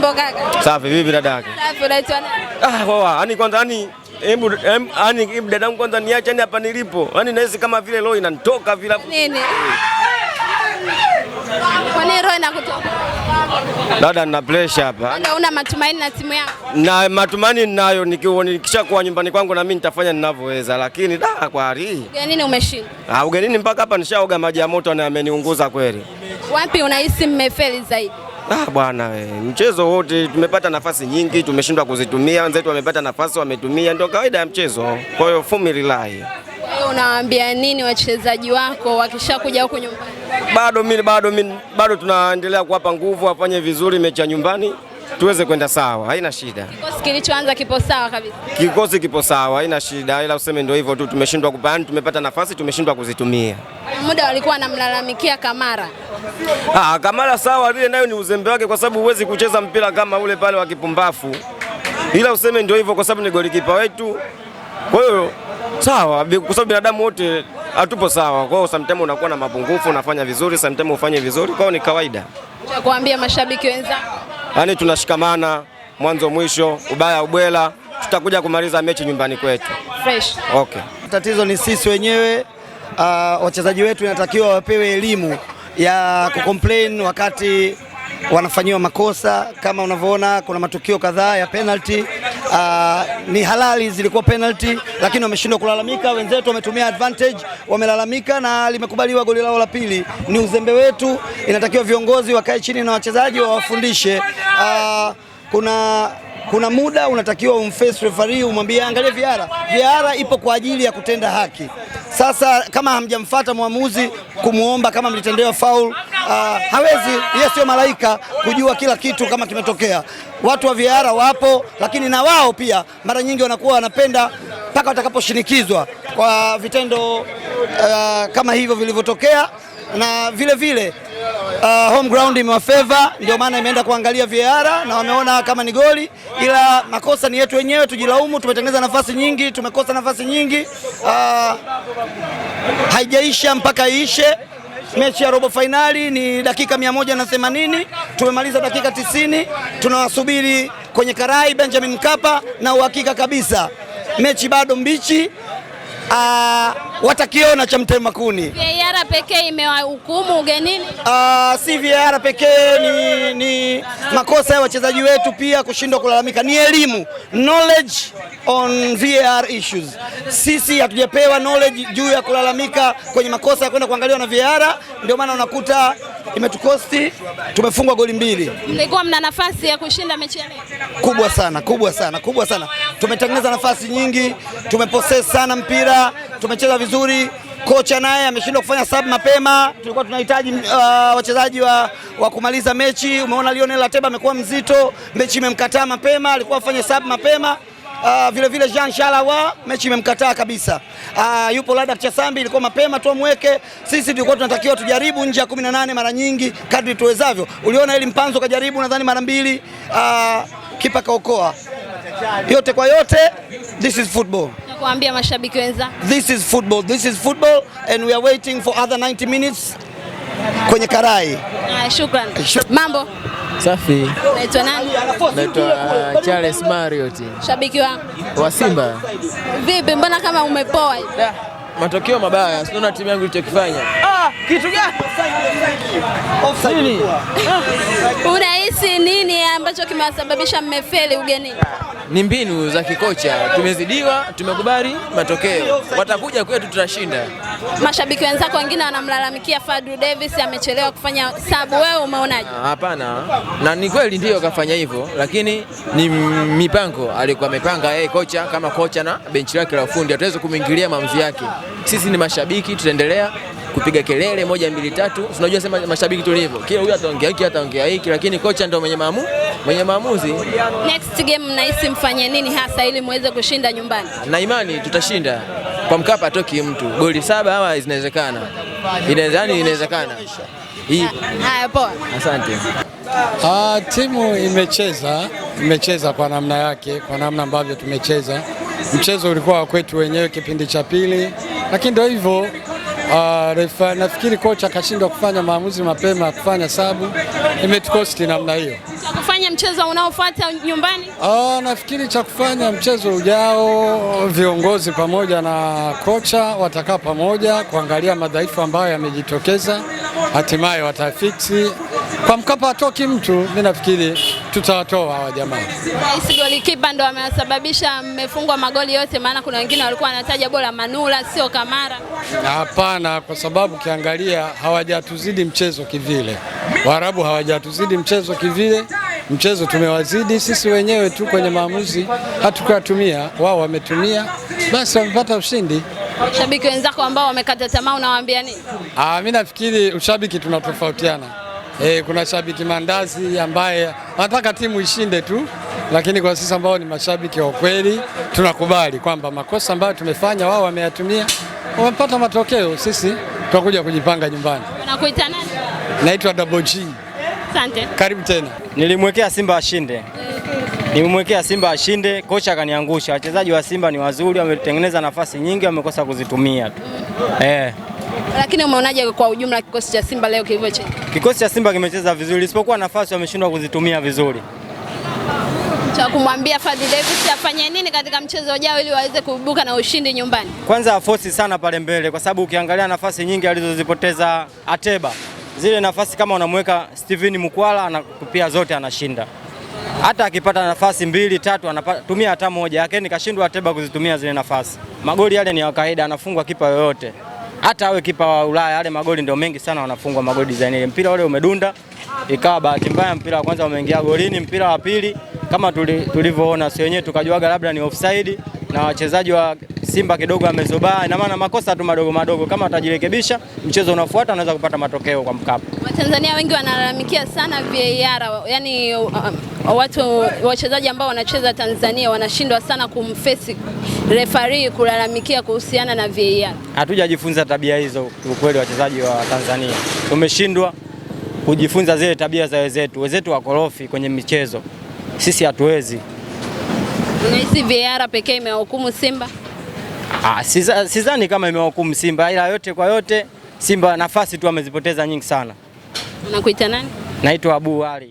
Mambo kaka. Safi vipi dada yake? Safi unaitwa nani? Ah, wawa. Ani kwanza ani hebu ani dadangu kwanza niache ni hapa nilipo. Yaani nahisi kama vile roho inanitoka vile. Nini? Kwa nini roho inakutoka? Dada nina pressure hapa. Ndio una matumaini na simu yako? Na matumaini ninayo, nikisha kuwa nyumbani kwangu na mimi nitafanya ninavyoweza, lakini da kwa hali. Ugenini umeshinda? Ah, ugenini mpaka hapa nishaoga maji ya moto na ameniunguza kweli. Wapi unahisi mmefeli zaidi? Ah, bwana we, eh, mchezo wote tumepata nafasi nyingi, tumeshindwa kuzitumia. Wenzetu wamepata nafasi, wametumia, ndio kawaida ya mchezo. Kwa hiyo fumi Unawaambia nini wachezaji wako wakishakuja huko nyumbani? Bado mimi bado mimi bado tunaendelea kuwapa nguvu, wafanye vizuri mechi ya nyumbani tuweze kwenda sawa, haina shida. Kikosi kilichoanza kipo sawa kabisa, kikosi kipo sawa, haina shida, ila useme ndio hivyo tu, tumeshindwa kupani, tumepata nafasi tumeshindwa kuzitumia. Muda walikuwa wanamlalamikia Kamara. Ah, Kamara sawa, ile nayo ni uzembe wake, kwa sababu huwezi kucheza mpira kama ule pale wa kipumbafu, ila useme ndio hivyo, kwa sababu ni golikipa wetu. Kwa hiyo sawa, kwa sababu binadamu wote hatupo sawa. Kwa hiyo sometimes unakuwa na mapungufu, unafanya vizuri, sometimes ufanye vizuri, kwa hiyo ni kawaida. Cha kuambia mashabiki wenzangu yaani tunashikamana mwanzo mwisho, ubaya ubwela, tutakuja kumaliza mechi nyumbani kwetu fresh. Okay. Tatizo ni sisi wenyewe uh, wachezaji wetu inatakiwa wapewe elimu ya kucomplain wakati wanafanyiwa makosa. Kama unavyoona kuna matukio kadhaa ya penalty uh, ni halali, zilikuwa penalty, lakini wameshindwa kulalamika. Wenzetu wametumia advantage, wamelalamika na limekubaliwa goli lao la pili. Ni uzembe wetu, inatakiwa viongozi wakae chini na wachezaji wawafundishe. Uh, kuna kuna muda unatakiwa umface referee, umwambie angalie viara viara ipo kwa ajili ya kutenda haki. Sasa kama hamjamfuata mwamuzi kumwomba kama mlitendewa faul uh, hawezi yeye, sio malaika kujua kila kitu kama kimetokea. Watu wa VR wapo, lakini na wao pia mara nyingi wanakuwa wanapenda mpaka watakaposhinikizwa kwa vitendo uh, kama hivyo vilivyotokea, na vile vile uh, home ground imewafeva, ndio maana imeenda kuangalia VAR na wameona kama ni goli, ila makosa ni yetu wenyewe, tujilaumu. Tumetengeneza nafasi nyingi, tumekosa nafasi nyingi uh, haijaisha mpaka iishe. Mechi ya robo fainali ni dakika mia moja na themanini tumemaliza dakika tisini tunawasubiri kwenye karai Benjamin Mkapa, na uhakika kabisa mechi bado mbichi uh, watakiona cha kuni. VAR pekee imewahukumu ugenini? Uh, si VAR pekee ni, ni makosa ya wachezaji wetu pia kushindwa kulalamika, ni elimu knowledge on VAR issues. Sisi hatujapewa knowledge juu ya kulalamika kwenye makosa ya kwenda kuangaliwa na VAR, ndio maana unakuta imetukosti, tumefungwa goli mbili. Mlikuwa mna nafasi ya kushinda mechi ya leo? Kubwa sana, kubwa sana, kubwa sana. Tumetengeneza nafasi nyingi, tumepossess sana mpira, tumecheza vizuri. Kocha naye ameshindwa kufanya sub mapema. Tulikuwa tunahitaji uh, wachezaji wa, wa kumaliza mechi. Umeona Lionel Ateba amekuwa mzito, mechi imemkataa mapema, alikuwa afanye sub mapema. Uh, vile vile Jean shalawa mechi imemkataa kabisa. Uh, yupo labda Chasambi, ilikuwa mapema tu amweke. Sisi tulikuwa tunatakiwa tujaribu nje ya 18 mara nyingi kadri tuwezavyo. Uliona ili mpanzo kajaribu nadhani mara mbili, uh, kipa kaokoa. Yote kwa yote, this is football. Nakwambia mashabiki wenza. This is football. This is football and we are waiting for other 90 minutes kwenye karai. Uh, shukrani. Mambo. Safi. Naitwa nani? Naitwa uh, Charles Mariot. Shabiki wangu wa Simba. Vipi, mbona kama umepoa hivi? Matokeo mabaya, na timu yangu ilichokifanya. Ah, kitu gani? Offside. Ah. Unahisi nini ambacho kimewasababisha mmefeli ugenini? ni mbinu za kikocha. Tumezidiwa, tumekubali matokeo, watakuja kwetu, tutashinda. Mashabiki wenzako wengine wanamlalamikia Fadlu Davis amechelewa kufanya sabu, wewe umeonaje? Ah, hapana, na ni kweli ndiyo kafanya hivyo, lakini ni mipango alikuwa amepanga yeye kocha, kama kocha na benchi lake la ufundi, hatuwezi kumwingilia maamuzi yake. Sisi ni mashabiki, tutaendelea kupiga kelele moja mbili tatu. Unajua sema mashabiki tulivyo, kila huyu ataongea hiki ataongea hiki, lakini kocha ndio mwenye maamu, mwenye maamuzi. Next game mnahisi mfanye nini hasa ili muweze kushinda nyumbani? Na imani tutashinda kwa Mkapa, atoki mtu goli saba hawa, zinawezekana inawezekana, inawezekana. Haya, poa, asante. Ah, timu imecheza imecheza kwa namna yake, kwa namna ambavyo tumecheza. Mchezo ulikuwa wa kwetu wenyewe kipindi cha pili, lakini ndio hivyo Uh, refa, nafikiri kocha akashindwa kufanya maamuzi mapema ya kufanya sabu, imetukosti namna hiyo. Cha kufanya mchezo unaofuata nyumbani, uh, nafikiri cha kufanya mchezo ujao, viongozi pamoja na kocha watakaa pamoja kuangalia madhaifu ambayo yamejitokeza hatimaye watafiti kwa Mkapa atoki mtu, mimi nafikiri tutawatoa hawa jamaa. Rais golikipa ndo amewasababisha mmefungwa magoli yote, maana kuna wengine walikuwa wanataja bora Manula, sio Kamara. Hapana, kwa sababu ukiangalia hawajatuzidi mchezo kivile, Waarabu hawajatuzidi mchezo kivile mchezo tumewazidi sisi wenyewe tu kwenye maamuzi, hatukuwatumia wao, wametumia basi, wamepata ushindi. Shabiki wenzako ambao wamekata tamaa unawaambia nini? Ah, mimi nafikiri ushabiki tunatofautiana. Eh, kuna shabiki mandazi ambaye anataka timu ishinde tu, lakini kwa sisi ambao ni mashabiki wa kweli tunakubali kwamba makosa ambayo tumefanya wao wameyatumia, wamepata matokeo, sisi tunakuja kujipanga nyumbani. Unakuita nani? Naitwa Double G. Asante. Karibu tena. Nilimwekea Simba ashinde Nimemwekea Simba ashinde, kocha akaniangusha. Wachezaji wa Simba ni wazuri, wametengeneza nafasi nyingi, wamekosa kuzitumia tu eh. Lakini umeonaje kwa ujumla kikosi cha Simba leo kilivyocheza? Kikosi cha Simba kimecheza vizuri, isipokuwa nafasi wameshindwa kuzitumia vizuri. Cha kumwambia Fadi Davis afanye nini katika mchezo ujao ili waweze kuibuka na ushindi nyumbani? Kwanza afosi sana pale mbele, kwa sababu ukiangalia nafasi nyingi alizozipoteza Ateba, zile nafasi kama unamweka Steven Mukwala anakupia zote, anashinda hata akipata nafasi mbili tatu anatumia hata moja, lakini kashindwa Ateba kuzitumia zile nafasi. Magoli yale ni ya kawaida, anafungwa kipa yoyote, hata awe kipa wa Ulaya. Yale magoli ndio mengi sana wanafungwa magoli za nile, mpira ule umedunda, ikawa bahati mbaya, mpira wa kwanza umeingia golini, mpira wa pili kama tulivyoona tuli si wenyewe tukajuaga labda ni offside na wachezaji wa Simba kidogo wamezobaa. Ina maana makosa tu madogo madogo, kama watajirekebisha, mchezo unaofuata wanaweza kupata matokeo kwa Mkapa. Watanzania wengi wanalalamikia sana VAR, yani um, watu wachezaji ambao wanacheza Tanzania wanashindwa sana kumfesi refari kulalamikia kuhusiana na VAR. Hatujajifunza tabia hizo kiukweli, wachezaji wa Tanzania tumeshindwa kujifunza zile tabia za wenzetu, wenzetu wakorofi kwenye michezo, sisi hatuwezi. Unahisi VAR pekee imewahukumu Simba? Ah, sidhani kama imewahukumu Simba, ila yote kwa yote Simba nafasi tu amezipoteza nyingi sana. Unakuita nani? Naitwa Abu Ali.